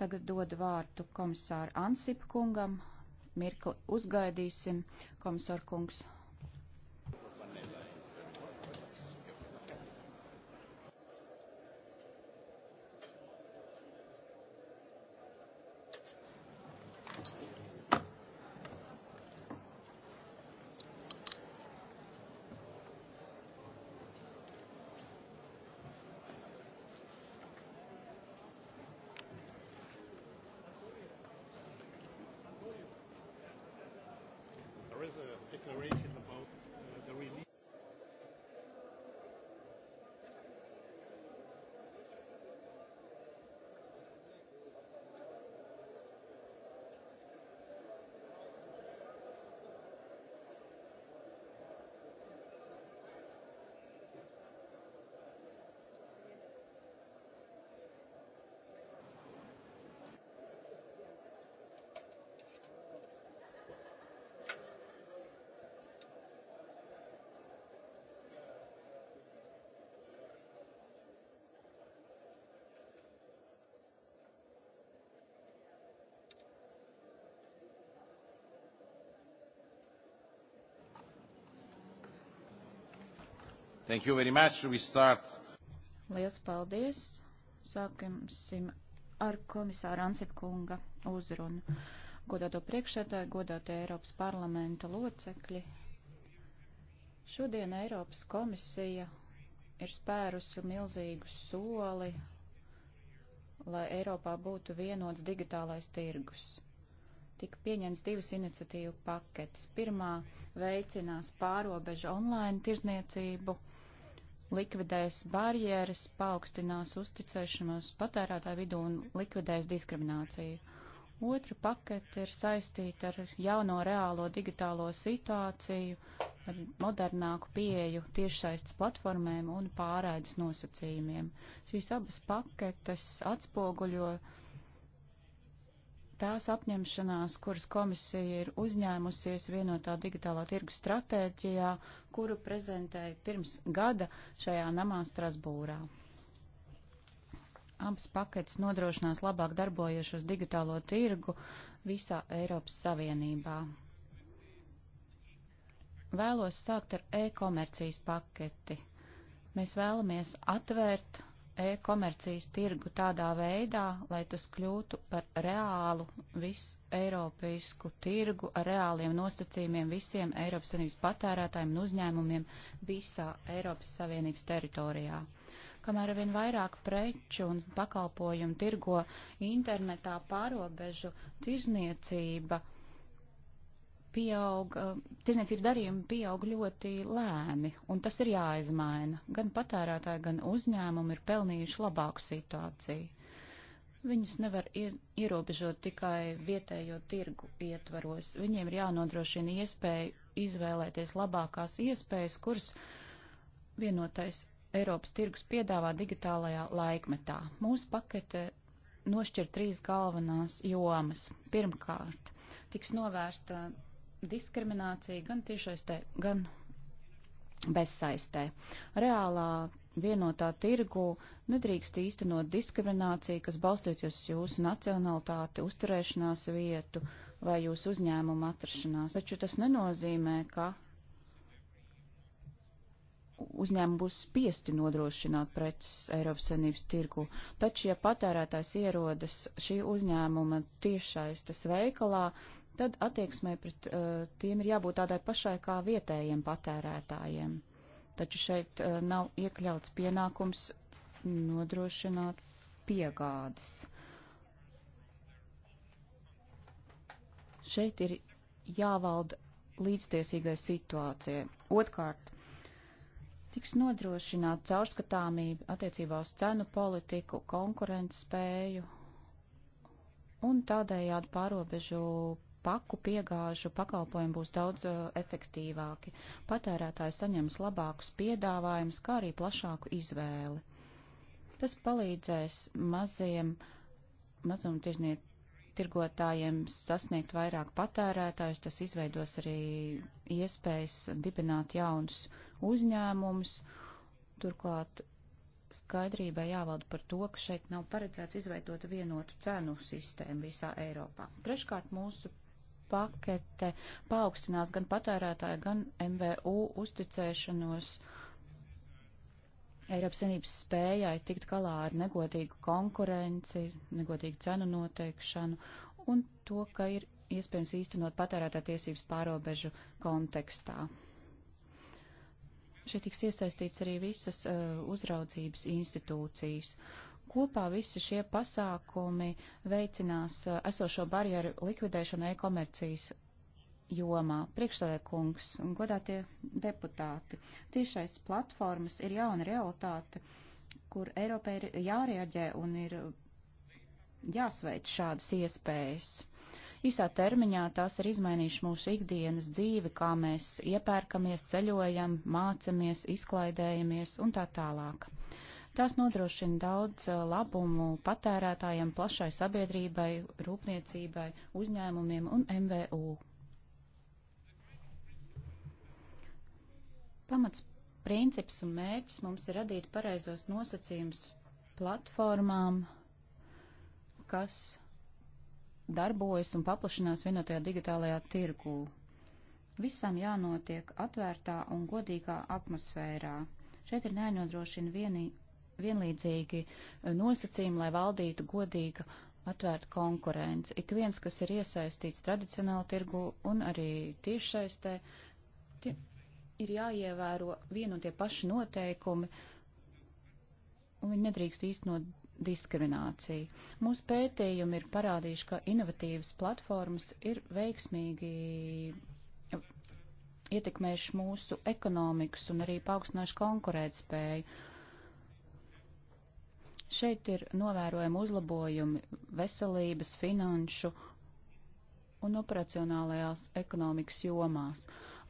Tagad dodu vārdu komisāru Ansip kungam. Mirkli uzgaidīsim, komisāru kungs. Thank you very much. We start. Liels paldies. Sāksim ar komisāra Ansip kunga uzrunu. Godāto priekšētāju, godāto Eiropas parlamenta locekļi. Šodien Eiropas komisija ir spērusi milzīgu soli, lai Eiropā būtu vienots digitālais tirgus. Tika pieņems divas iniciatīvu paketes. Pirmā veicinās pārobežu online tirzniecību likvidēs barjeras, paaugstinās uzticēšanos patērētāju vidū un likvidēs diskrimināciju. Otra pakete ir saistīta ar jauno reālo digitālo situāciju, ar modernāku pieeju tiešsaistes platformēm un pārēdas nosacījumiem. Šīs abas paketes atspoguļo uh, tās apņemšanās, kuras komisija ir uzņēmusies vienotā digitālā tirgu stratēģijā, kuru prezentēja pirms gada šajā namā Strasbūrā. Abas paketes nodrošinās labāk darbojošos digitālo tirgu visā Eiropas Savienībā. Vēlos sākt ar e-komercijas paketi. Mēs vēlamies atvērt e-komercijas tirgu tādā veidā, lai tas kļūtu par reālu visu Eiropisku tirgu ar reāliem nosacījumiem visiem Eiropas Savienības patērētājiem un uzņēmumiem visā Eiropas Savienības teritorijā. Kamēr vien vairāk preču un pakalpojumu tirgo internetā pārobežu tirzniecība pieaug, eh, tirniecības darījumi pieaug ļoti lēni, un tas ir jāizmaina. Gan patērētāji, gan uzņēmumi ir pelnījuši labāku situāciju. Viņus nevar ierobežot tikai vietējo tirgu ietvaros. Viņiem ir jānodrošina iespēju izvēlēties labākās iespējas, kuras vienotais Eiropas tirgus piedāvā digitālajā laikmetā. Mūsu pakete nošķir trīs galvenās jomas. Pirmkārt, tiks novērsta diskriminācija gan tiešaistē, gan bezsaistē. Reālā vienotā tirgu nedrīkst īstenot diskrimināciju, kas balstoties uz jūsu nacionalitāti, uzturēšanās vietu vai jūsu uzņēmumu atrašanās. Taču tas nenozīmē, ka uzņēmumi būs spiesti nodrošināt preces Eiropas Savienības tirgu. Taču, ja patērētājs ierodas šī uzņēmuma tiešais tas veikalā, tad attieksmē pret uh, tiem ir jābūt tādai pašai kā vietējiem patērētājiem. Taču šeit uh, nav iekļauts pienākums nodrošināt piegādes. Šeit ir jāvalda līdztiesīgai situācijai. Otkārt, tiks nodrošināta caurskatāmība attiecībā uz cenu politiku, konkurences spēju un tādējādi pārobežu paku piegāžu pakalpojumi būs daudz uh, efektīvāki. Patērētāji saņems labākus piedāvājumus, kā arī plašāku izvēli. Tas palīdzēs maziem mazumtirdzniecības tirgotājiem sasniegt vairāk patērētājus, tas izveidos arī iespējas dibināt jaunus uzņēmumus. Turklāt skaidrībai jāvalda par to, ka šeit nav paredzēts izveidot vienotu cenu sistēmu visā Eiropā. Treškārt, mūsu pakete paaugstinās gan patērētāju, gan MVU uzticēšanos Eiropas Savienības spējai tikt galā ar negodīgu konkurenci, negodīgu cenu noteikšanu un to, ka ir iespējams īstenot patērētā tiesības pārobežu kontekstā. Šeit tiks iesaistīts arī visas uh, uzraudzības institūcijas. Uh, Kopā visi šie pasākumi veicinās eh, esošo barjeru likvidēšanu e-komercijas jomā. Priekšsēdēkungs un godātie deputāti, tiešais platformas ir jauna realitāte, kur Eiropai ir jārieģē un ir jāsveic šādas iespējas. Īsā termiņā tās ir izmainījuši mūsu ikdienas dzīvi, kā mēs iepērkamies, ceļojam, mācamies, izklaidējamies un tā tālāk. Tās nodrošina daudz eh, labumu patērētājiem, plašai sabiedrībai, rūpniecībai, uzņēmumiem un MVU. Pamats princips un mērķis mums ir radīt pareizos nosacījumus platformām, kas darbojas un paplašinās vienotajā digitālajā tirgū. Visam jānotiek atvērtā un godīgā atmosfērā. Šeit ir jānodrošina vienīgi vienlīdzīgi eh, nosacījumi, lai valdītu godīga atvērta konkurence. Ik viens, kas ir iesaistīts tradicionāli tirgu un arī tiešsaistē, tie ir jāievēro vien un tie paši noteikumi, un viņi nedrīkst īstenot diskrimināciju. Mūsu pētījumi ir parādījuši, ka inovatīvas platformas ir veiksmīgi eh, ietekmējuši mūsu ekonomikas un arī paaugstinājuši konkurētspēju. spēju Šeit ir novērojami uzlabojumi veselības, finanšu un operacionālajās ekonomikas jomās.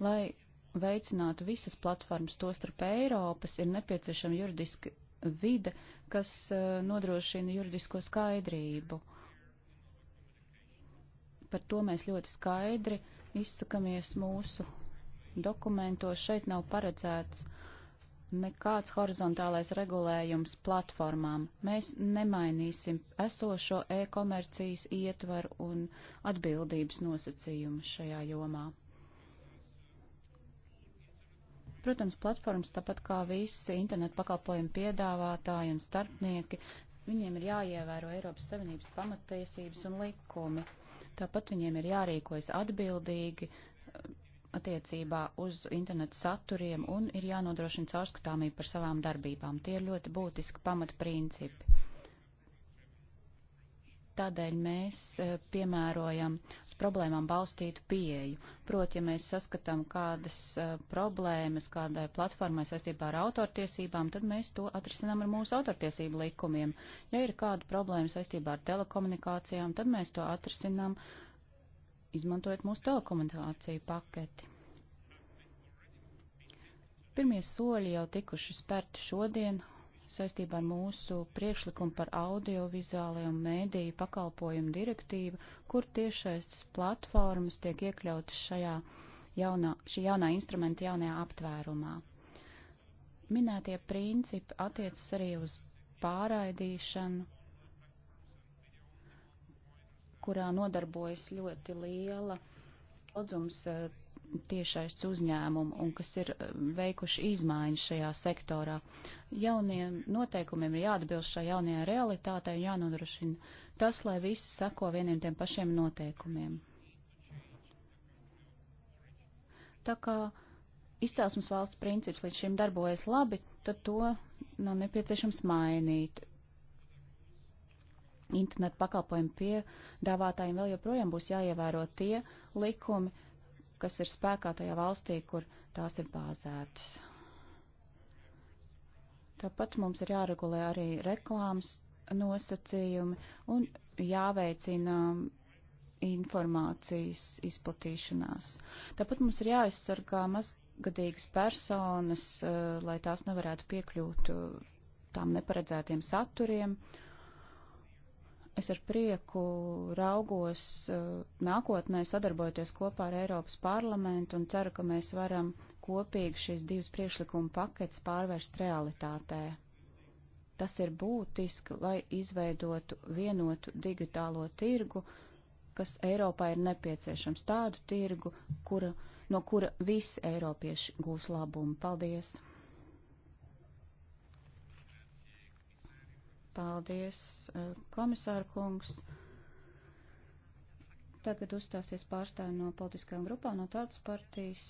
Lai veicinātu visas platformas, tostarp Eiropas, ir nepieciešama juridiska vide, kas eh, nodrošina juridisko skaidrību. Par to mēs ļoti skaidri izsakamies mūsu dokumentos. Šeit nav paredzēts nekāds horizontālais regulējums platformām. Mēs nemainīsim esošo e-komercijas ietvaru un atbildības nosacījumus šajā jomā. Protams, platformas, tāpat kā visi internetu pakalpojumu piedāvātāji un starpnieki, viņiem ir jāievēro Eiropas Savienības pamatiesības un likumi. Tāpat viņiem ir jārīkojas atbildīgi, attiecībā uz internetu saturiem un ir jānodrošina caurskatāmība par savām darbībām. Tie ir ļoti būtiski pamatprincipi. Tādēļ mēs e, piemērojam uz problēmām balstītu pieeju. Proti, ja mēs saskatām kādas e, problēmas kādai platformai saistībā ar autortiesībām, tad mēs to atrisinām ar mūsu autortiesību likumiem. Ja ir kāda problēma saistībā ar telekomunikācijām, tad mēs to atrisinām izmantojot mūsu telekomunikāciju paketi. Pirmie soļi jau tikuši spērti šodien saistībā ar mūsu priekšlikumu par audiovizuālajiem mēdīju pakalpojumu direktīvu, kur tiešais platformas tiek iekļautas šajā jaunā, šī jaunā instrumenta jaunajā aptvērumā. Minētie principi attiecas arī uz pārraidīšanu, kurā nodarbojas ļoti liela daudzums eh, tiešais uzņēmumu un kas ir eh, veikuši izmaiņas šajā sektorā. Jauniem noteikumiem ir jāatbilst šā jaunajā realitātē un jānodrošina tas, lai visi sako vieniem tiem pašiem noteikumiem. Tā kā izcelsmes valsts princips līdz šim darbojas labi, tad to nav nepieciešams mainīt internetu pakalpojumu piedāvātājiem vēl joprojām būs jāievēro tie likumi, kas ir spēkā tajā valstī, kur tās ir bāzētas. Tāpat mums ir jāregulē arī reklāmas nosacījumi un jāveicina informācijas izplatīšanās. Tāpat mums ir jāaizsargā mazgadīgas personas, eh, lai tās nevarētu piekļūt eh, tām neparedzētiem saturiem. Uh, Es ar prieku raugos eh, nākotnē sadarbojoties kopā ar Eiropas parlamentu un ceru, ka mēs varam kopīgi šīs divas priekšlikuma paketes pārvērst realitātē. Tas ir būtiski, lai izveidotu vienotu digitālo tirgu, kas Eiropā ir nepieciešams tādu tirgu, kura, no kura visi eiropieši gūs labumu. Paldies! Paldies, eh, komisāra kungs. Tagad uzstāsies pārstāvi no politiskajām grupām, no tādas partijas.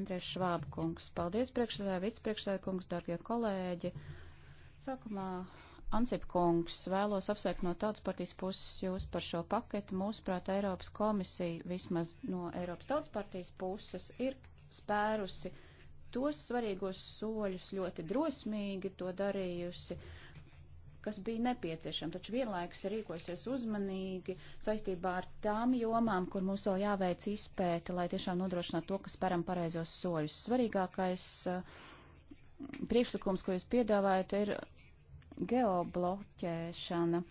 Andrēs Švāba kungs. Paldies, priekšsēdētāji, vicepriekšsēdētāji kungs, darbie kolēģi. Sākumā Ansip kungs vēlos apsveikt no tādas partijas puses jūs par šo paketu. Mūsuprāt, Eiropas komisija, vismaz no Eiropas tautas partijas puses, ir spērusi tos svarīgos soļus ļoti drosmīgi, to darījusi kas bija nepieciešama, taču vienlaikus rīkosies uzmanīgi saistībā ar tām jomām, kur mums vēl jāveic izpēte, lai tiešām nodrošinātu to, ka speram pareizos soļus. Svarīgākais eh, priekšlikums, ko jūs piedāvājat, ir geobloķēšana.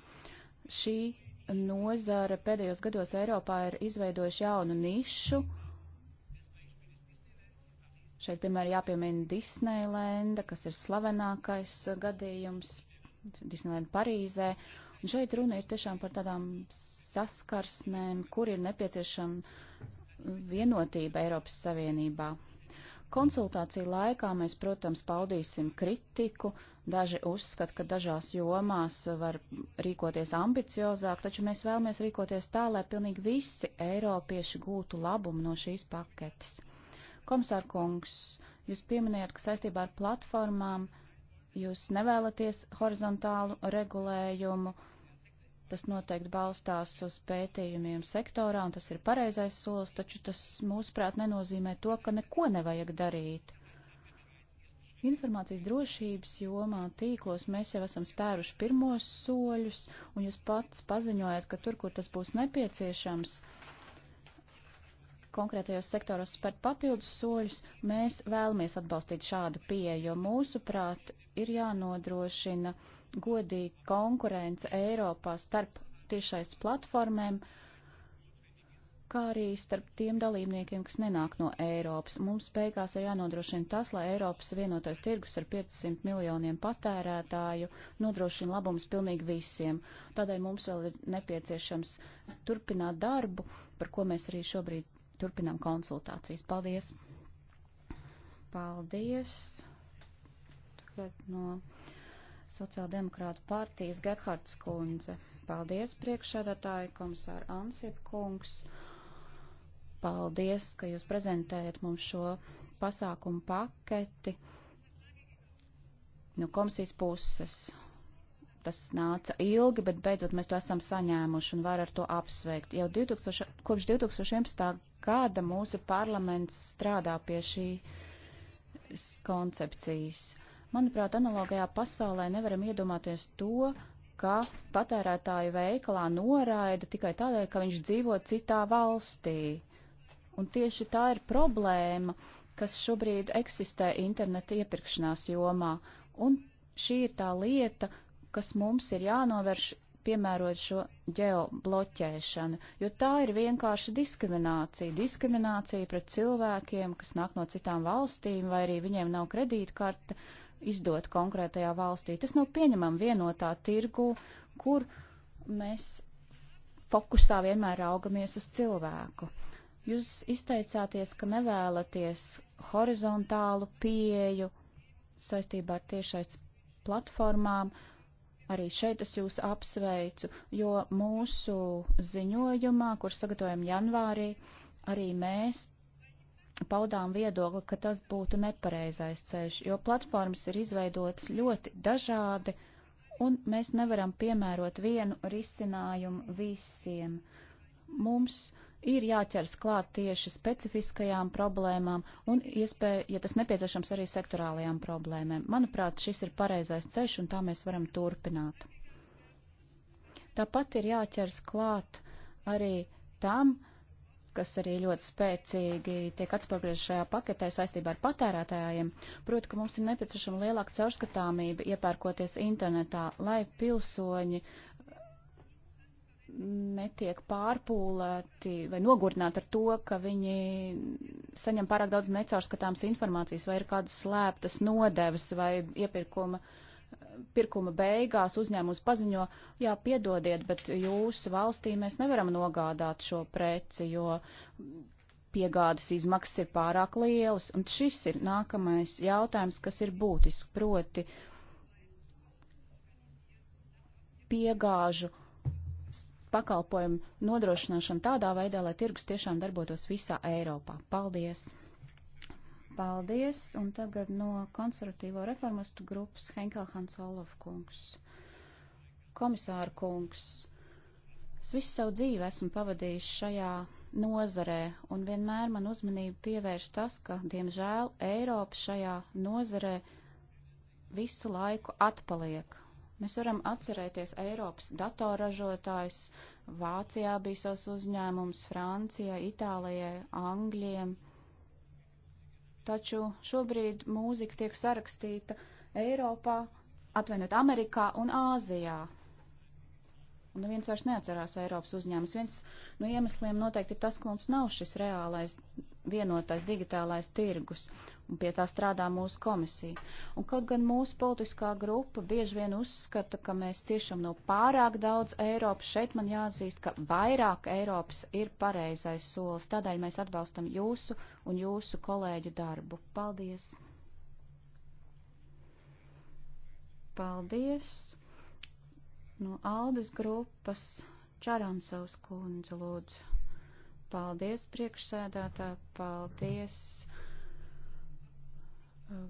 Šī nozara pēdējos gados Eiropā ir izveidojuši jaunu nišu. Šeit, piemēram, jāpiemina Disneylanda, kas ir slavenākais eh, gadījums Disneylēnu Parīzē. Un šeit runa ir tiešām par tādām saskarsnēm, kur ir nepieciešama vienotība Eiropas Savienībā. Konsultāciju laikā mēs, protams, paudīsim kritiku. Daži uzskata, ka dažās jomās var rīkoties ambiciozāk, taču mēs vēlamies rīkoties tā, lai pilnīgi visi eiropieši gūtu labumu no šīs paketes. Komisārkungs, jūs pieminējat, ka saistībā ar platformām uh, Jūs nevēlaties horizontālu regulējumu, tas noteikti balstās uz pētījumiem sektorā, un tas ir pareizais solis, taču tas, mūsuprāt, nenozīmē to, ka neko nevajag darīt. Informācijas drošības jomā tīklos mēs jau esam spēruši pirmos soļus, un jūs pats paziņojat, ka tur, kur tas būs nepieciešams, uh, konkrētajos sektoros spērt papildus soļus, mēs vēlamies atbalstīt šādu pieeju, jo mūsuprāt ir jānodrošina godīga konkurence Eiropā starp tiešais platformēm, kā arī starp tiem dalībniekiem, kas nenāk no Eiropas. Mums beigās ir jānodrošina tas, lai Eiropas vienotais tirgus ar 500 miljoniem patērētāju nodrošina labums pilnīgi visiem. Tādēļ mums vēl ir nepieciešams turpināt darbu, par ko mēs arī šobrīd turpinām konsultācijas. Paldies! Paldies! Tagad no Sociāldemokrāta partijas Gerhards Kundze. Paldies, priekšsēdētāji, komisāra Ansip kungs. Paldies, ka jūs prezentējat mums šo pasākumu paketi no komisijas puses tas nāca ilgi, bet beidzot mēs to esam saņēmuši un var ar to apsveikt. Jau 2000, kopš 2011. gada mūsu parlaments strādā pie šīs koncepcijas. Manuprāt, analogajā pasaulē nevaram iedomāties to, ka patērētāju veikalā noraida tikai tādēļ, ka viņš dzīvo citā valstī. Un tieši tā ir problēma, kas šobrīd eksistē interneta iepirkšanās jomā. Un šī ir tā lieta, kas mums ir jānovērš piemērot šo ģeobloķēšanu, jo tā ir vienkārši diskriminācija. Diskriminācija pret cilvēkiem, kas nāk no citām valstīm, vai arī viņiem nav kredītkarta izdot konkrētajā valstī. Tas nav pieņemam vienotā tirgu, kur mēs fokusā vienmēr raugamies uz cilvēku. Jūs izteicāties, ka nevēlaties horizontālu pieeju saistībā ar tiešais platformām, uh, Arī šeit es jūs apsveicu, jo mūsu ziņojumā, kur sagatavojam janvārī, arī mēs paudām viedokli, ka tas būtu nepareizais ceļš, jo platformas ir izveidotas ļoti dažādi, un mēs nevaram piemērot vienu risinājumu visiem. Mums ir jāķers klāt tieši specifiskajām problēmām un, iespēja, ja tas nepieciešams, arī sektorālajām problēmēm. Manuprāt, šis ir pareizais ceļš un tā mēs varam turpināt. Tāpat ir jāķers klāt arī tam, kas arī ļoti spēcīgi tiek atspoguļots šajā paketē saistībā ar patērētājiem, proti, ka mums ir nepieciešama lielāka caurskatāmība iepērkoties internetā, lai pilsoņi netiek pārpūlēti vai nogurdināti ar to, ka viņi saņem pārāk daudz necaurskatāmas informācijas vai ir kādas slēptas nodevas vai iepirkuma pirkuma beigās uzņēmums paziņo, jā, piedodiet, bet jūsu valstī mēs nevaram nogādāt šo preci, jo piegādas izmaksas ir pārāk lielas. Un šis ir nākamais jautājums, kas ir būtisks, proti piegāžu pakalpojumu nodrošināšanu tādā veidā, lai tirgus tiešām darbotos visā Eiropā. Paldies! Paldies! Un tagad no konservatīvo reformistu grupas Henkelhans Olof kungs. Komisāra kungs, es visu savu dzīvi esmu pavadījis šajā nozarē, un vienmēr man uzmanību pievērš tas, ka, diemžēl, Eiropa šajā nozarē visu laiku atpaliek Mēs varam atcerēties Eiropas datorražotājs, Vācijā bija savs uzņēmums, Francijai, Itālijai, Anglijai. Taču šobrīd mūzika tiek sarakstīta Eiropā, atvainot Amerikā un Āzijā. Un neviens vairs neatcerās Eiropas uzņēmums. Viens no iemesliem noteikti ir tas, ka mums nav šis reālais vienotais digitālais tirgus, un pie tā strādā mūsu komisija. Un kaut gan mūsu politiskā grupa bieži vien uzskata, ka mēs ciešam no pārāk daudz Eiropas, šeit man jāatzīst, ka vairāk Eiropas ir pareizais solis, tādēļ mēs atbalstam jūsu un jūsu kolēģu darbu. Paldies! Paldies! No Aldas grupas Čaransovs kundze lūdzu. Paldies, priekšsēdētā, paldies, uh,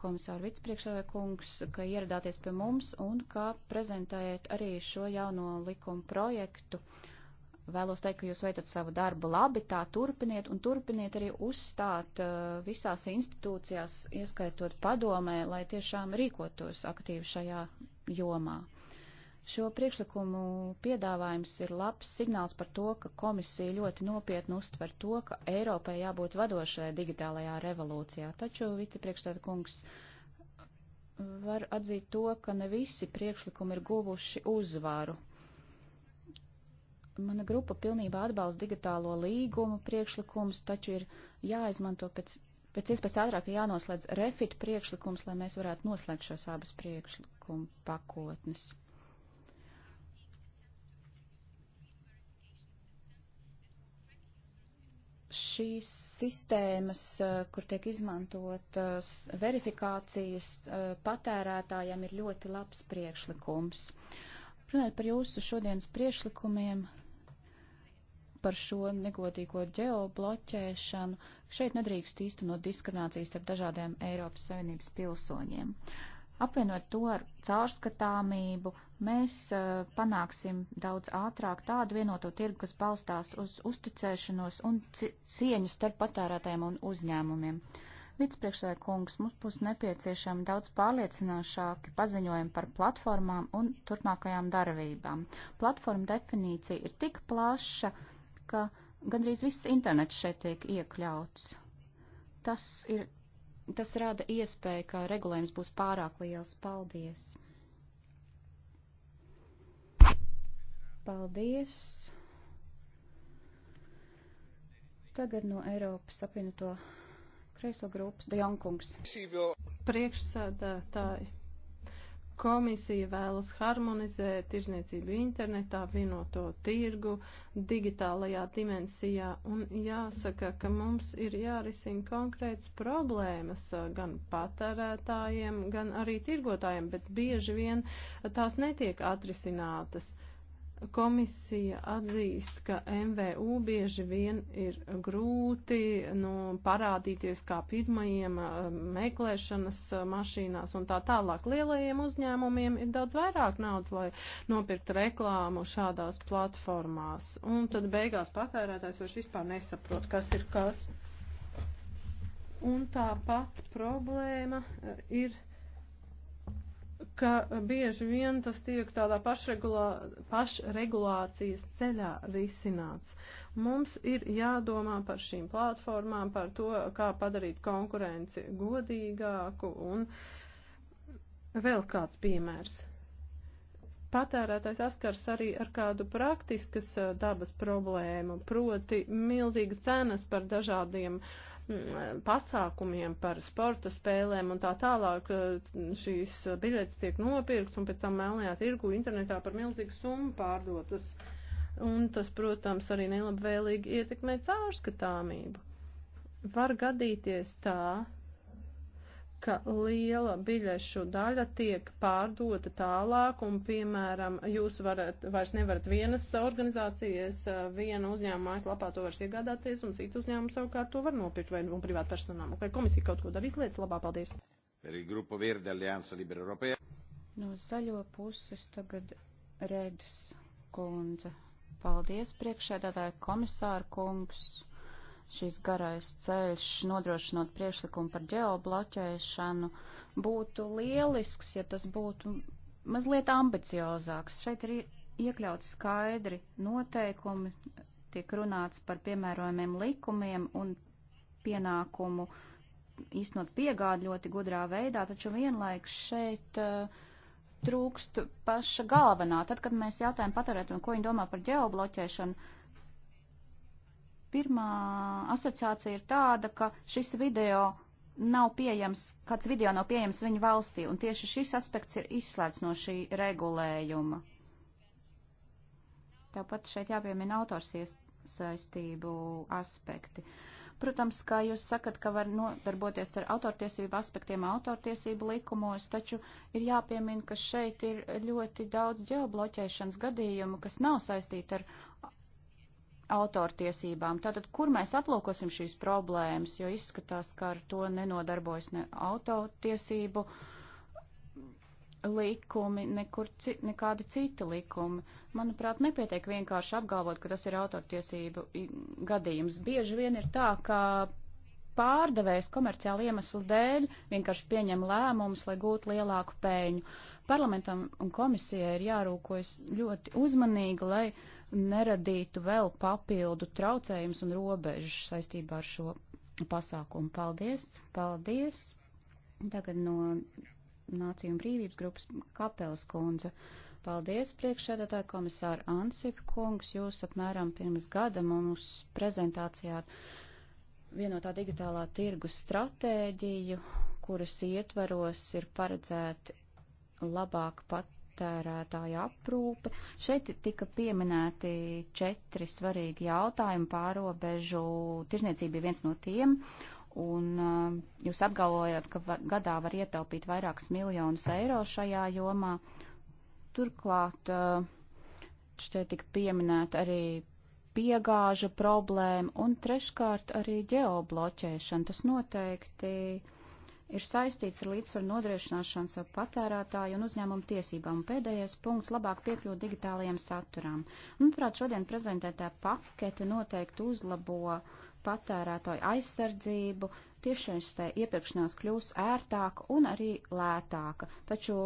komisāra vicepriekšsēdētā kungs, ka ieradāties pie mums un ka prezentējat arī šo jauno likumu projektu. Vēlos teikt, ka jūs veicat savu darbu labi, tā turpiniet un turpiniet arī uzstāt uh, visās institūcijās, ieskaitot padomē, lai tiešām rīkotos aktīvi šajā jomā. Šo priekšlikumu piedāvājums ir labs signāls par to, ka komisija ļoti nopietni uztver to, ka Eiropai jābūt vadošajā digitālajā revolūcijā. Taču vicepriekšstāda kungs var atzīt to, ka ne visi priekšlikumi ir guvuši uzvaru. Mana grupa pilnībā atbalsta digitālo līgumu priekšlikumus, taču ir jāizmanto pēc, pēc iespējas ātrāk jānoslēdz refit priekšlikums, lai mēs varētu noslēgt šos abas priekšlikumu pakotnes. šīs sistēmas, eh, kur tiek izmantotas eh, verifikācijas eh, patērētājiem, ir ļoti labs priekšlikums. Runājot par jūsu šodienas priekšlikumiem, par šo negodīgo ģeobloķēšanu, šeit nedrīkst īstenot diskriminācijas starp dažādiem Eiropas Savienības pilsoņiem. Uh, Apvienot to ar caurskatāmību, mēs eh, panāksim daudz ātrāk tādu vienoto tirgu, kas balstās uz uzticēšanos un cieņu starp patērētājiem un uzņēmumiem. Vicepriekšsēdētāj kungs, mums būs nepieciešami daudz pārliecinošāki paziņojumi par platformām un turpmākajām darbībām. Platforma definīcija ir tik plaša, ka gandrīz viss internets šeit tiek iekļauts. Tas ir tas rada iespēju, ka regulējums būs pārāk liels. Paldies! Paldies! Tagad no Eiropas apvienoto kreiso grupas Dejonkungs. Priekšsēdētāji. Komisija vēlas harmonizēt tirzniecību internetā, vienoto tirgu, digitālajā dimensijā, un jāsaka, ka mums ir jārisina konkrētas problēmas gan patērētājiem, gan arī tirgotājiem, bet bieži vien tās netiek atrisinātas. Uh, Komisija atzīst, ka MVU bieži vien ir grūti nu, parādīties kā pirmajiem meklēšanas mašīnās un tā tālāk. Lielajiem uzņēmumiem ir daudz vairāk naudas, lai nopirkt reklāmu šādās platformās. Un tad beigās patērētājs vairs vispār nesaprot, kas ir kas. Un tāpat problēma ir ka bieži vien tas tiek tādā pašregulā, pašregulācijas ceļā risināts. Mums ir jādomā par šīm platformām, par to, kā padarīt konkurenci godīgāku un vēl kāds piemērs. Patērētājs saskars arī ar kādu praktiskas eh, dabas problēmu, proti milzīgas cenas par dažādiem uh, Mm, pasākumiem, par sporta spēlēm un tā tālāk. Mm, šīs biļetes tiek nopirkts un pēc tam melnajā tirgu internetā par milzīgu summu pārdotas. Un tas, protams, arī nelabvēlīgi ietekmē caurskatāmību. Var gadīties tā, ka liela biļešu daļa tiek pārdota tālāk, un, piemēram, jūs varat, vairs nevarat vienas organizācijas, eh, viena uzņēmuma mājaslapā to vairs iegādāties, un citu uzņēmumu savukārt to var nopirkt vai no privātu personām. Vai komisija kaut ko darīs lietas labā? Paldies! No zaļo puses tagad redz kundze. Paldies, priekšēdātāja komisāra kungs šis garais ceļš, nodrošinot priekšlikumu par ģeobloķēšanu, būtu lielisks, ja tas būtu mazliet ambiciozāks. Šeit ir iekļauts skaidri noteikumi, tiek runāts par piemērojumiem likumiem un pienākumu īstenot piegādi ļoti gudrā veidā, taču vienlaikus šeit uh, trūkst paša galvenā. Tad, kad mēs jautājam patērētājiem, ko viņi domā par ģeobloķēšanu, Pirmā asociācija ir tāda, ka šis video nav pieejams, kāds video nav pieejams viņa valstī, un tieši šis aspekts ir izslēgts no šī regulējuma. Tāpat šeit jāpiemina autors iesaistību aspekti. Protams, kā jūs sakat, ka var nodarboties ar autortiesību aspektiem autortiesību likumos, taču ir jāpiemina, ka šeit ir ļoti daudz ģeobloķēšanas gadījumu, kas nav saistīti ar autortiesībām. Tātad, kur mēs aplūkosim šīs problēmas, jo izskatās, ka ar to nenodarbojas ne autortiesību likumi, nekur ci, nekādi citi likumi. Manuprāt, nepietiek vienkārši apgalvot, ka tas ir autortiesību gadījums. Bieži vien ir tā, ka pārdevējs komerciāli iemeslu dēļ vienkārši pieņem lēmumus, lai gūtu lielāku pēļņu. Parlamentam un komisijai ir jārūkojas ļoti uzmanīgi, lai uh, neradītu vēl papildu traucējums un robežu saistībā ar šo pasākumu. Paldies! Paldies! Tagad no Nāciju un brīvības grupas Kapels kundze. Paldies, priekšsēdētāji komisāri Ansip kungs. Jūs apmēram pirms gada mums prezentācijāt vienotā digitālā tirgus stratēģiju, kuras ietveros ir paredzēti labāk pat patērētāja aprūpe. Šeit tika pieminēti četri svarīgi jautājumi pārobežu. Tirzniecība ir viens no tiem. Un uh, jūs apgalvojat, ka va gadā var ietaupīt vairākus miljonus eiro šajā jomā. Turklāt uh, šeit tika pieminēta arī piegāžu problēma un treškārt arī ģeobloķēšana. Tas noteikti uh, ir saistīts ar līdzsvaru nodrošināšanu savu patērētāju un uzņēmumu tiesībām. Pēdējais punkts - labāk piekļūt digitālajiem saturām. Manuprāt, šodien prezentētā pakete noteikti uzlabo patērētāju aizsardzību, tiešsaistē iepirkšanās kļūs ērtāka un arī lētāka. Taču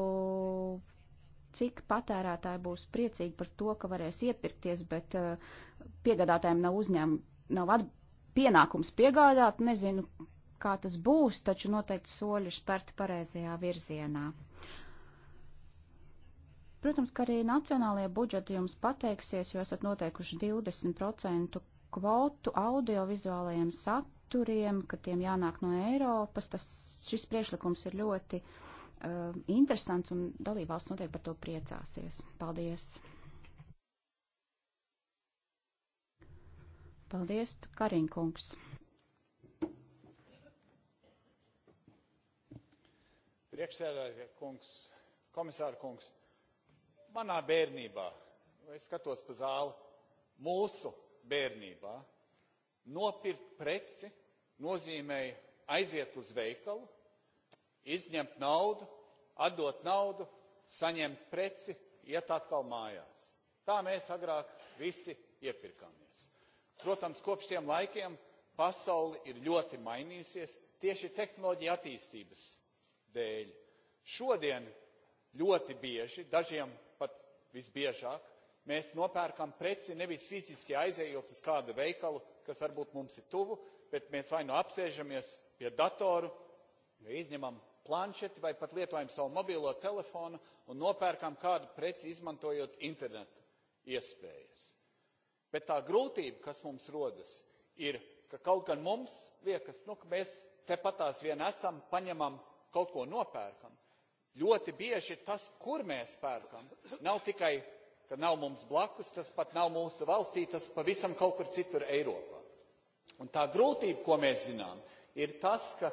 cik patērētāji būs priecīgi par to, ka varēs iepirkties, bet uh, piegādātājiem nav uzņēmuma, nav pienākums piegādāt, nezinu, kā tas būs, taču noteikti soļi ir spērti pareizajā virzienā. Protams, ka arī nacionālajie budžeti jums pateiksies, jo esat noteikuši 20% kvotu audiovizuālajiem saturiem, ka tiem jānāk no Eiropas. Tas, šis priešlikums ir ļoti uh, interesants un dalībvalsts noteikti par to priecāsies. Paldies! Paldies, Karinkungs! Priekšsēdētāja kungs, komisāra kungs, manā bērnībā, vai skatos pa zāli, mūsu bērnībā nopirkt preci nozīmēja aiziet uz veikalu, izņemt naudu, atdot naudu, saņemt preci, iet atkal mājās. Tā mēs agrāk visi iepirkāmies. Protams, kopš tiem laikiem pasauli ir ļoti mainījusies tieši tehnoloģija attīstības dēļ. Šodien ļoti bieži, dažiem pat visbiežāk, mēs nopērkam preci nevis fiziski aizejot uz kādu veikalu, kas varbūt mums ir tuvu, bet mēs vai nu apsēžamies pie datoru, vai izņemam planšeti, vai pat lietojam savu mobilo telefonu un nopērkam kādu preci izmantojot internetu iespējas. Bet tā grūtība, kas mums rodas, ir, ka kaut gan mums liekas, nu, ka mēs tepatās vien esam, paņemam kaut ko nopērkam, ļoti bieži tas, kur mēs pērkam, nav tikai, ka nav mums blakus, tas pat nav mūsu valstī, tas pavisam kaut kur citur Eiropā. Un tā grūtība, ko mēs zinām, ir tas, ka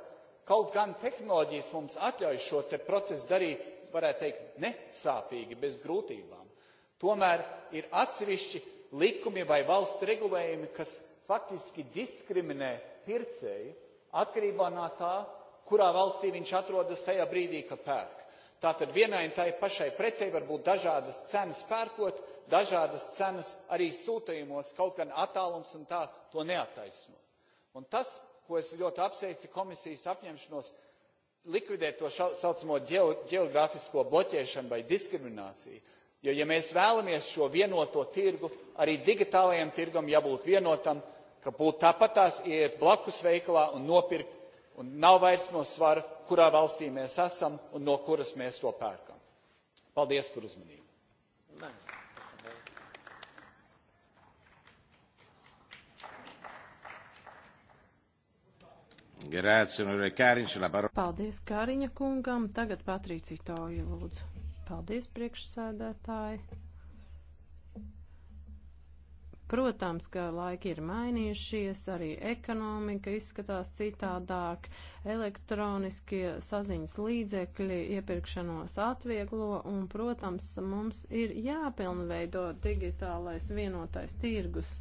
kaut gan tehnoloģijas mums atļauj šo te procesu darīt, varētu teikt, nesāpīgi, bez grūtībām. Tomēr ir atsevišķi likumi vai valsts regulējumi, kas faktiski diskriminē pircēju atkarībā no tā, kurā valstī viņš atrodas tajā brīdī, kad pērk. Tātad vienai un tai pašai precei var būt dažādas cenas pērkot, dažādas cenas arī sūtījumos, kaut gan attālums un tā to neattaisno. Un tas, ko es ļoti apsveicu komisijas apņemšanos likvidēt to saucamo geogrāfisko bloķēšanu vai diskrimināciju, jo ja mēs vēlamies šo vienoto tirgu, arī digitālajam tirgam jābūt vienotam, ka būtu tāpatās ieiet blakus veikalā un nopirkt un nav vairs no svara, kurā valstī mēs esam un no kuras mēs to pērkam. Paldies par uzmanību! Paldies Kāriņa kungam. Tagad Patricija Toja lūdzu. Paldies priekšsēdētāji. Protams, ka laiki ir mainījušies, arī ekonomika izskatās citādāk, elektroniskie saziņas līdzekļi iepirkšanos atvieglo un, protams, mums ir jāpilnveido digitālais vienotais tirgus.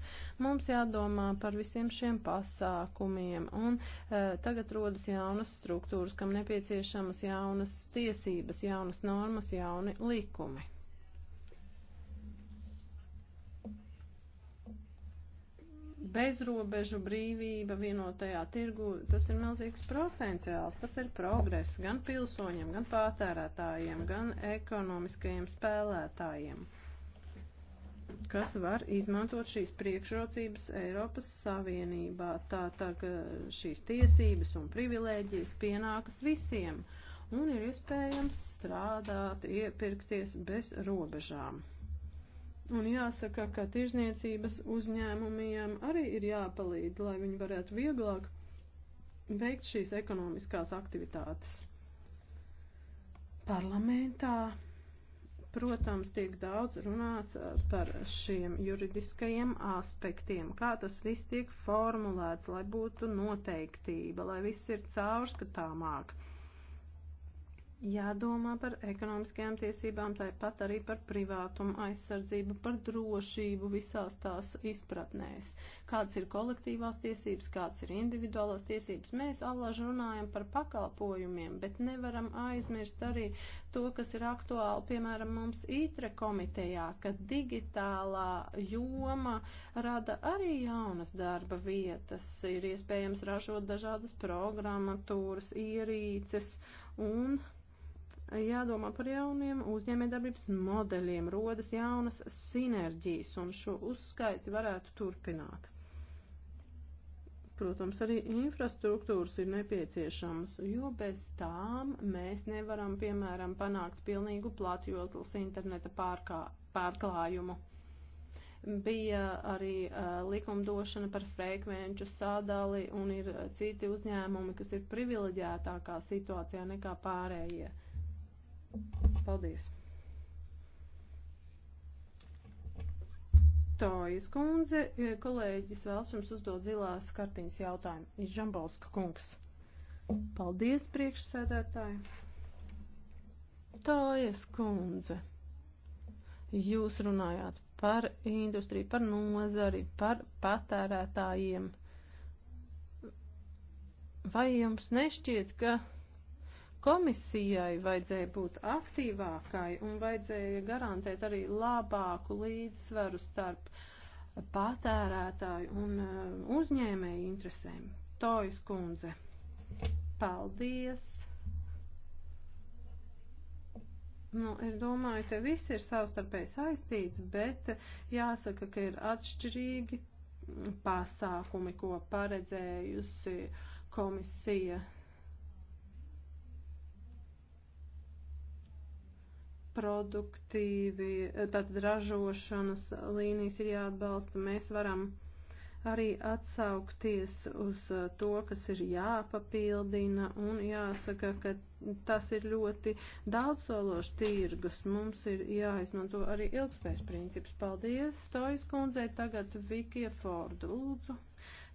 Mums jādomā par visiem šiem pasākumiem un e, tagad rodas jaunas struktūras, kam nepieciešamas jaunas tiesības, jaunas normas, jauni likumi. bezrobežu brīvība vienotajā tirgu, tas ir milzīgs potenciāls, tas ir progress gan pilsoņiem, gan pārtērētājiem, gan ekonomiskajiem spēlētājiem, kas var izmantot šīs priekšrocības Eiropas Savienībā. Tā tā, ka eh, šīs tiesības un privilēģijas pienākas visiem un ir iespējams strādāt, iepirkties bez robežām. Un jāsaka, ka tirzniecības uzņēmumiem arī ir jāpalīdz, lai viņi varētu vieglāk veikt šīs ekonomiskās aktivitātes. Parlamentā, protams, tiek daudz runāts eh, par šiem juridiskajiem aspektiem, kā tas viss tiek formulēts, lai būtu noteiktība, lai viss ir caurskatāmāk. Uh, Jādomā par ekonomiskajām tiesībām, tāpat arī par privātumu aizsardzību, par drošību visās tās izpratnēs. Kāds ir kolektīvās tiesības, kāds ir individuālās tiesības. Mēs allaž runājam par pakalpojumiem, bet nevaram aizmirst arī to, kas ir aktuāli, piemēram, mums ITRE komitejā, ka digitālā joma rada arī jaunas darba vietas, ir iespējams ražot dažādas programmatūras, ierīces un jādomā par jauniem uzņēmējdarbības modeļiem, rodas jaunas sinerģijas, un šo uzskaiti varētu turpināt. Protams, arī infrastruktūras ir nepieciešamas, jo bez tām mēs nevaram, piemēram, panākt pilnīgu platjoslas interneta pārkā, pārklājumu. Bija arī uh, likumdošana par frekvenču sadali un ir citi uzņēmumi, kas ir privileģētākā situācijā nekā pārējie. Uh, Paldies! Tojas kundze, eh, kolēģis vēlas jums uzdot zilās kartiņas jautājumu. Ir Žambalska kungs. Paldies, priekšsēdētāji. Tojas kundze, jūs runājāt par industriju, par nozari, par patērētājiem. Vai jums nešķiet, ka Komisijai vajadzēja būt aktīvākai un vajadzēja garantēt arī labāku līdzsvaru starp patērētāju un eh, uzņēmēju interesēm. Tojas kundze, paldies! Nu, es domāju, te viss ir savstarpēji saistīts, bet jāsaka, ka ir atšķirīgi pasākumi, ko paredzējusi komisija produktīvi, tātad ražošanas līnijas ir jāatbalsta. Mēs varam arī atsaukties uz uh, to, kas ir jāpapildina un jāsaka, ka tas ir ļoti daudzsološs tirgus. Mums ir jāizmanto arī ilgspējas princips. Paldies, Stojas kundzei, tagad Vikija Fordu lūdzu.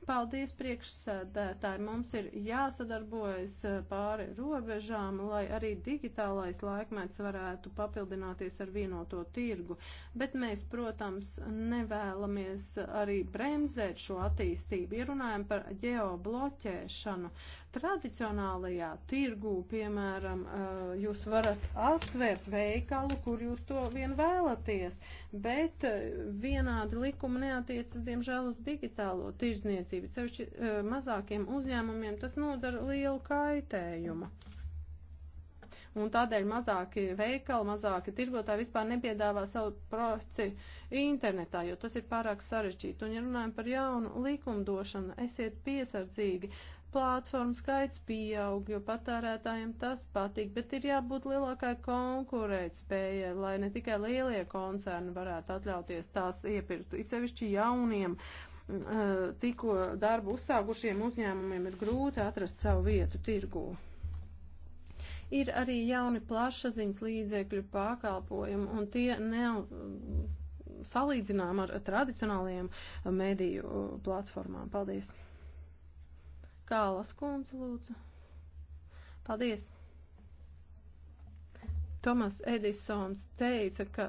Paldies priekšsēdētāji, mums ir jāsadarbojas eh, pāri robežām, lai arī digitālais laikmets varētu papildināties ar vienoto tirgu, bet mēs, protams, nevēlamies arī bremzēt šo attīstību, ja runājam par ģeobloķēšanu Tradicionālajā tirgū, piemēram, eh, jūs varat atvērt veikalu, kur jūs to vien vēlaties, bet eh, vienādi likumi neatiecas, diemžēl, uz digitālo tirzniecību. Cevišķi eh, mazākiem uzņēmumiem tas nodara lielu kaitējumu un tādēļ mazāki veikali, mazāki tirgotāji vispār nepiedāvā savu proci internetā, jo tas ir pārāk sarežģīti. Un, ja runājam par jaunu likumdošanu, esiet piesardzīgi, platformu skaits pieaug, jo patērētājiem tas patīk, bet ir jābūt lielākai konkurētspējai, lai ne tikai lielie koncerni varētu atļauties tās iepirkt, it sevišķi jauniem eh, tikko darbu uzsākušiem uzņēmumiem ir grūti atrast savu vietu tirgū. Ir arī jauni plašsaziņas līdzekļu pakalpojumi, un tie nav mm, salīdzinām ar tradicionālajiem eh, mediju eh, platformām. Paldies! Kālas kundze, lūdzu. Paldies. Tomas Edisons teica, ka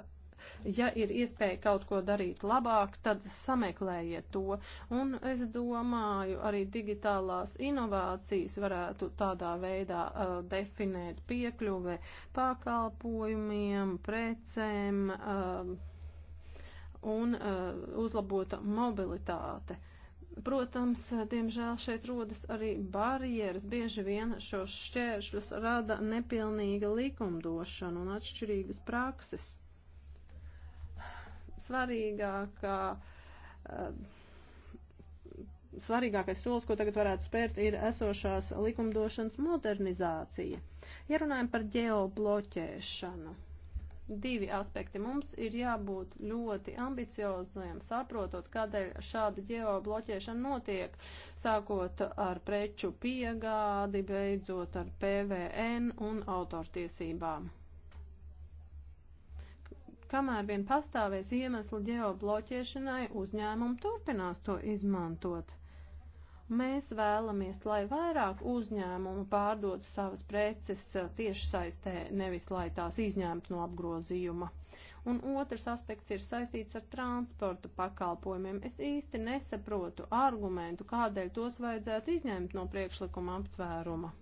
ja ir iespēja kaut ko darīt labāk, tad sameklējiet to. Un es domāju, arī digitālās inovācijas varētu tādā veidā uh, definēt piekļuve pakalpojumiem, precēm uh, un uh, uzlabota mobilitāte. Uh, Protams, diemžēl šeit rodas arī barjeras. Bieži vien šos šķēršļus rada nepilnīga likumdošana un atšķirīgas prakses. Svarīgākā, eh, svarīgākais solis, ko tagad varētu spērt, ir esošās likumdošanas modernizācija. Ja runājam par ģeobloķēšanu divi aspekti. Mums ir jābūt ļoti ambicioziem, saprotot, kādēļ šāda ģeobloķēšana notiek, sākot ar preču piegādi, beidzot ar PVN un autortiesībām. Kamēr vien pastāvēs iemesli ģeobloķēšanai, uzņēmumi turpinās to izmantot. Mēs vēlamies, lai vairāk uzņēmumu pārdod savas preces eh, tieši saistē, nevis lai tās izņemtu no apgrozījuma. Un otrs aspekts ir saistīts ar transporta pakalpojumiem. Es īsti nesaprotu argumentu, kādēļ tos vajadzētu izņemt no priekšlikuma aptvēruma.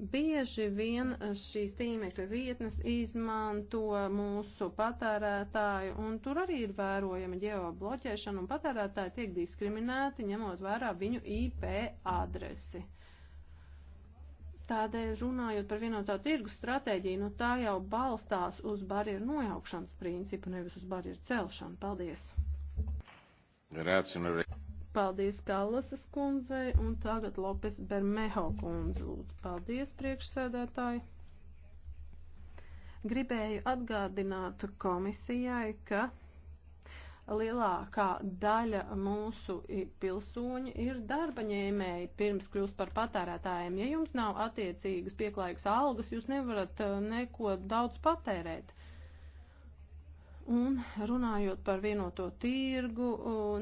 Bieži vien eh, šīs tīmekļa vietnes izmanto mūsu patērētāju, un tur arī ir vērojama ģeobloķēšana, un patērētāji tiek diskriminēti, ņemot vērā viņu IP adresi. Tādēļ runājot par vienotā tirgus stratēģiju, nu tā jau balstās uz barjeru nojaukšanas principu, nevis uz barjeru celšanu. Paldies! Grāci, Paldies Kallasas kundzei un tagad Lopes Bermeho kundze lūdzu. Paldies priekšsēdētāji. Gribēju atgādināt komisijai, ka lielākā daļa mūsu pilsoņu ir darba ņēmēji pirms kļūst par patērētājiem. Ja jums nav attiecīgas pieklājīgas algas, jūs nevarat eh, neko daudz patērēt. Un runājot par vienoto tirgu,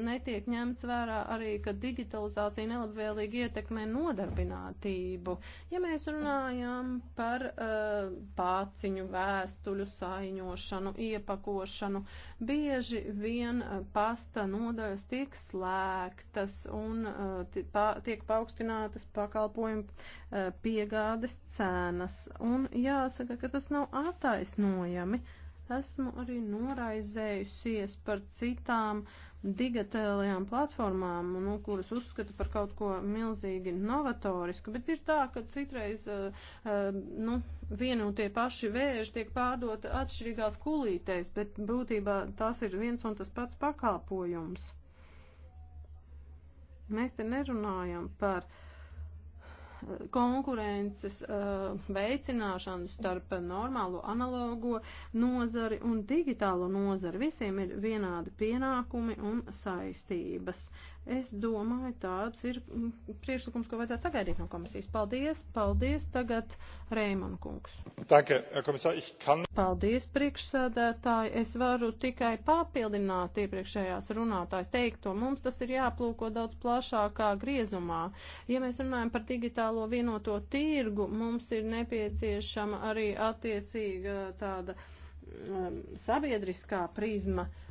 netiek ņemts vērā arī, ka digitalizācija nelabvēlīgi ietekmē nodarbinātību. Ja mēs runājam par uh, pāciņu, vēstuļu saiņošanu, iepakošanu, bieži vien e, pasta nodaļas tiek slēgtas un uh, e, pā, tiek paaugstinātas pakalpojumu uh, piegādes cenas. Un jāsaka, ka tas nav attaisnojami. Uh, Esmu arī noraizējusies par citām digitālajām platformām, nu, kuras uzskata par kaut ko milzīgi novatorisku, bet ir tā, ka citreiz uh, nu, vienu un tie paši vēži tiek pārdota atšķirīgās kulītēs, bet būtībā tas ir viens un tas pats pakalpojums. Mēs te nerunājam par uh, konkurences eh, veicināšanu starp normālo analogo nozari un digitālo nozari. Visiem ir vienādi pienākumi un saistības. Es domāju, tāds ir mm, priekšlikums, ko vajadzētu sagaidīt no komisijas. Paldies, paldies tagad Rēman kungs. Danke, komisār, ich kann. Paldies, priekšsēdētāji. Es varu tikai papildināt iepriekšējās runātājs teikto. Mums tas ir jāplūko daudz plašākā griezumā. Ja mēs runājam par digitālo vienoto tirgu, mums ir nepieciešama arī attiecīga tāda um, sabiedriskā prizma. Uh,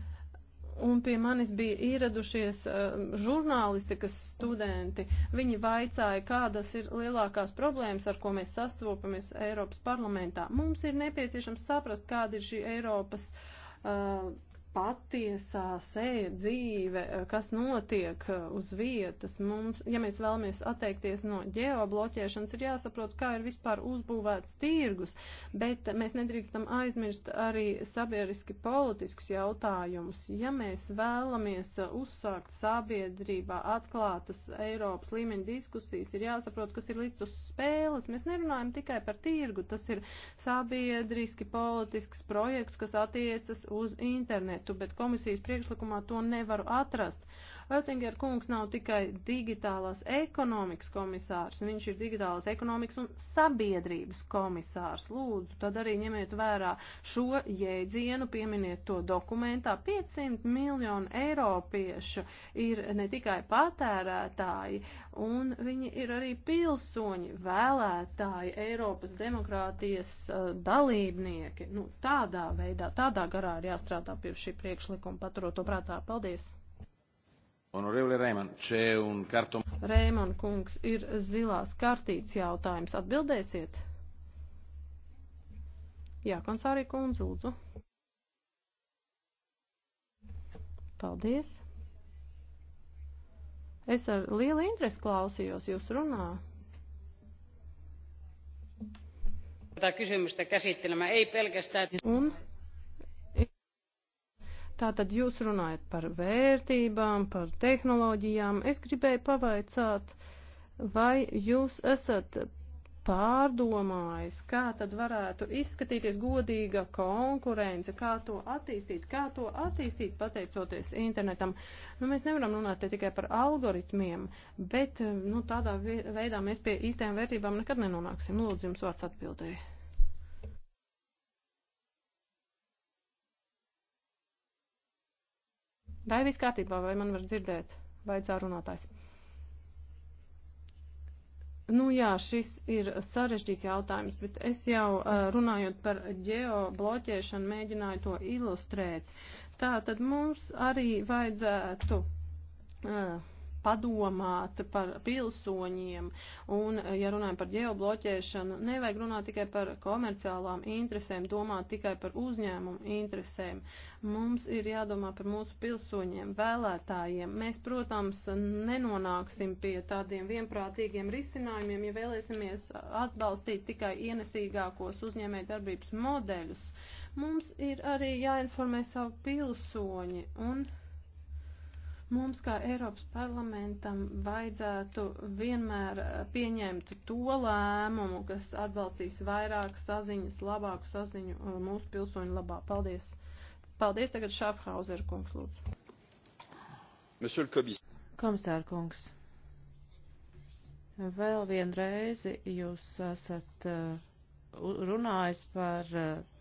Un pie manis bija ieradušies uh, eh, žurnālistikas studenti. Viņi vaicāja, kādas ir lielākās problēmas, ar ko mēs sastopamies Eiropas parlamentā. Mums ir nepieciešams saprast, kāda ir šī Eiropas uh, patiesā sēja dzīve, eh, kas notiek eh, uz vietas. Mums, ja mēs vēlamies atteikties no ģeobloķēšanas, ir jāsaprot, kā ir vispār uzbūvēts tirgus, bet mēs nedrīkstam aizmirst arī sabiedriski politiskus jautājumus. Ja mēs vēlamies eh, uzsākt sabiedrībā atklātas Eiropas līmeņa diskusijas, ir jāsaprot, kas ir līdz uz spēles. Mēs nerunājam tikai par tirgu, tas ir sabiedriski politisks projekts, kas attiecas uz internetu internetu, bet komisijas priekšlikumā to nevaru atrast. Uh, Oettinger kungs nav tikai digitālās ekonomikas komisārs, viņš ir digitālās ekonomikas un sabiedrības komisārs. Lūdzu, tad arī ņemiet vērā šo jēdzienu, pieminiet to dokumentā. 500 miljonu eiropiešu ir ne tikai patērētāji, un viņi ir arī pilsoņi, vēlētāji, Eiropas demokrātijas uh, dalībnieki. Nu, tādā veidā, tādā garā ir jāstrādā pie šī priekšlikuma, paturot to prātā. Paldies! Rēmon kungs, ir zilās kartītes jautājums. Atbildēsiet? Jā, konsārī kundz, lūdzu. Paldies. Es ar lielu interesi klausījos jūs runā. Tätä kysymystä käsittelemään ei pelkästään... Un Tātad jūs runājat par vērtībām, par tehnoloģijām. Es gribēju pavaicāt, vai jūs esat pārdomājis, kā tad varētu izskatīties godīga konkurence, kā to attīstīt, kā to attīstīt pateicoties internetam. Nu, mēs nevaram runāt tikai par algoritmiem, bet nu, tādā veidā mēs pie īstajām vērtībām nekad nenonāksim. Lūdzu, jums vārds atbildēja. Vai viss kārtībā, vai man var dzirdēt? Vajadzā runātājs. Nu jā, šis ir sarežģīts jautājums, bet es jau runājot par ģeobloķēšanu mēģināju to ilustrēt. Tā tad mums arī vajadzētu. Uh, padomāt par pilsoņiem. Un, ja runājam par ģeobloķēšanu, nevajag runāt tikai par komerciālām interesēm, domāt tikai par uzņēmumu interesēm. Mums ir jādomā par mūsu pilsoņiem, vēlētājiem. Mēs, protams, nenonāksim pie tādiem vienprātīgiem risinājumiem, ja vēlēsimies atbalstīt tikai ienesīgākos uzņēmē darbības modeļus. Mums ir arī jāinformē savu pilsoņi un Mums, kā Eiropas parlamentam, vajadzētu vienmēr eh, pieņemt to lēmumu, kas atbalstīs vairāk saziņas, labāku saziņu eh, mūsu pilsoņu labā. Paldies! Paldies tagad Šafhauser kungs, lūdzu. Komisār kungs, vēl vienreizi jūs esat eh, runājis par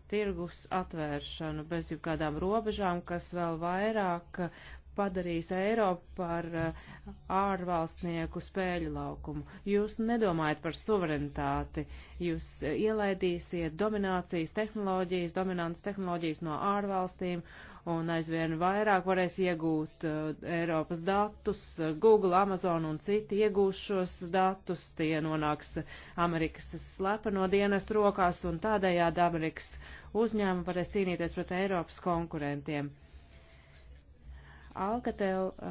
tirgus atvēršanu bez jebkādām robežām, kas vēl vairāk padarīs Eiropu par eh, ārvalstnieku spēļu laukumu. Jūs nedomājat par suverenitāti, jūs eh, ielaidīsiet dominācijas tehnoloģijas, dominantas tehnoloģijas no ārvalstīm un aizvien vairāk varēs iegūt uh, Eiropas datus. Google, Amazon un citi iegūs šos datus, tie nonāks Amerikas slepeno dienestu rokās un tādējādi Amerikas uzņēmumi varēs cīnīties pret Eiropas konkurentiem. Uh, Alkatel uh,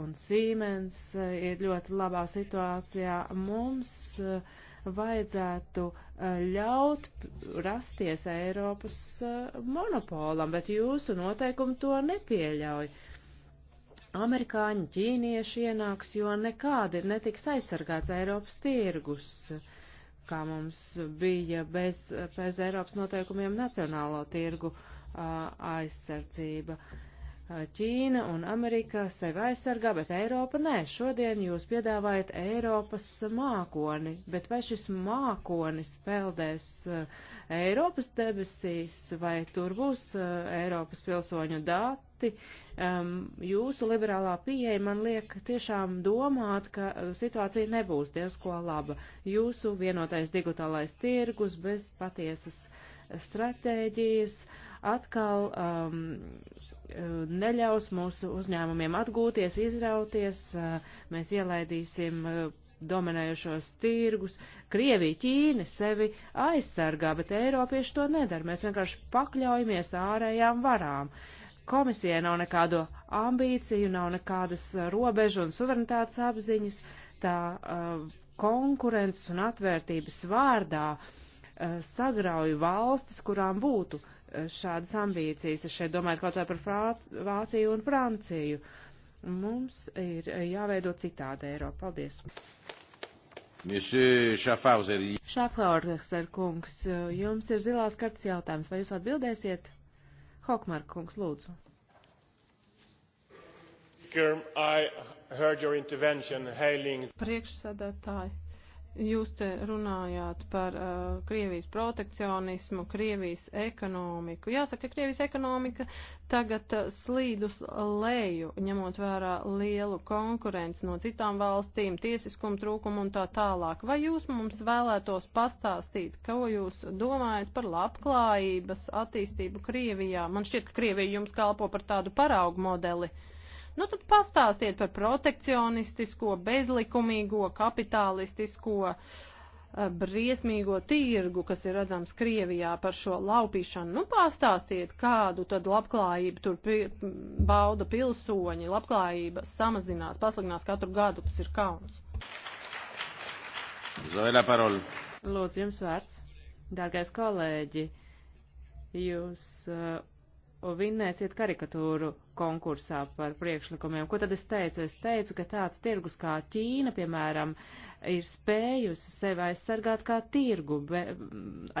un Siemens uh, ir ļoti labā situācijā. Mums uh, vajadzētu ļaut rasties Eiropas monopolam, bet jūsu noteikumi to nepieļauj. Amerikāņi, ķīnieši ienāks, jo nekādi netiks aizsargāts Eiropas tirgus, kā mums bija bez, bez Eiropas noteikumiem nacionālo tirgu aizsardzība. Uh, Ķīna un Amerika sevi aizsargā, bet Eiropa nē. Šodien jūs piedāvājat Eiropas mākoni, bet vai šis mākonis peldēs eh, Eiropas debesīs, vai tur būs eh, Eiropas pilsoņu dati? Jūsu liberālā pieeja man liek tiešām domāt, ka eh, situācija nebūs diezko laba. Jūsu vienotais digitālais tirgus bez patiesas stratēģijas atkal. Um, Eh, neļaus mūsu uzņēmumiem atgūties, izrauties, eh, mēs ielaidīsim eh, dominējošos tirgus. Krievija, Ķīna sevi aizsargā, bet Eiropieši to nedara. Mēs vienkārši pakļaujamies ārējām varām. Komisijai nav nekādu ambīciju, nav nekādas robežu un suverenitātes apziņas. Tā uh, konkurences un atvērtības vārdā uh, sagrauj valstis, kurām būtu uh, šādas ambīcijas. Es šeit domāju kaut vai par Vāciju un Franciju. Mums ir jāveido citāda Eiropa. Paldies! Šāfhauser kungs, jums ir zilās kartas jautājums. Vai jūs atbildēsiet? Hokmar kungs, lūdzu. Priekšsēdētāji, Jūs te runājāt par uh, Krievijas protekcionismu, Krievijas ekonomiku. Jāsaka, Krievijas ekonomika tagad uh, slīd uz leju, ņemot vērā lielu konkurenci no citām valstīm, tiesiskumu trūkumu un tā tālāk. Vai jūs mums vēlētos pastāstīt, ko jūs domājat par labklājības attīstību Krievijā? Man šķiet, ka Krievija jums kalpo par tādu paraugu modeli. Uh, Nu tad pastāstiet par protekcionistisko, bezlikumīgo, kapitalistisko, eh, briesmīgo tirgu, kas ir redzams Krievijā par šo laupīšanu. Nu pastāstiet, kādu tad labklājību tur pi bauda pilsoņi, labklājība samazinās, pasliknās katru gadu, tas ir kauns. Lūdzu, jums vērts. Dārgais kolēģi, jūs uh, vinnēsiet karikatūru konkursā par priekšlikumiem. Ko tad es teicu? Es teicu, ka tāds tirgus kā Ķīna, piemēram, ir spējusi sevi aizsargāt kā tirgu, be,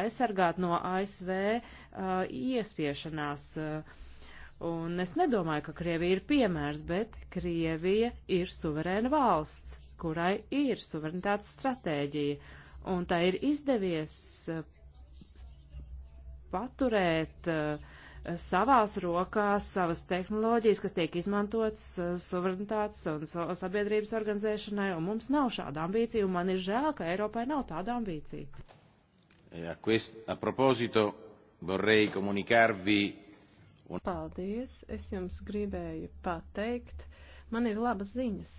aizsargāt no ASV uh, iespiešanās. Uh, un es nedomāju, ka Krievija ir piemērs, bet Krievija ir suverēna valsts, kurai ir suverenitātes stratēģija. Un tā ir izdevies uh, paturēt uh, savās rokās savas tehnoloģijas, kas tiek izmantotas uh, suverenitātes un sabiedrības organizēšanai, un mums nav šāda ambīcija, un man ir žēl, ka Eiropai nav tāda ambīcija. E a, quest, a proposito, vorrei comunicarvi. Un... Paldies, es jums gribēju pateikt, man ir labas ziņas.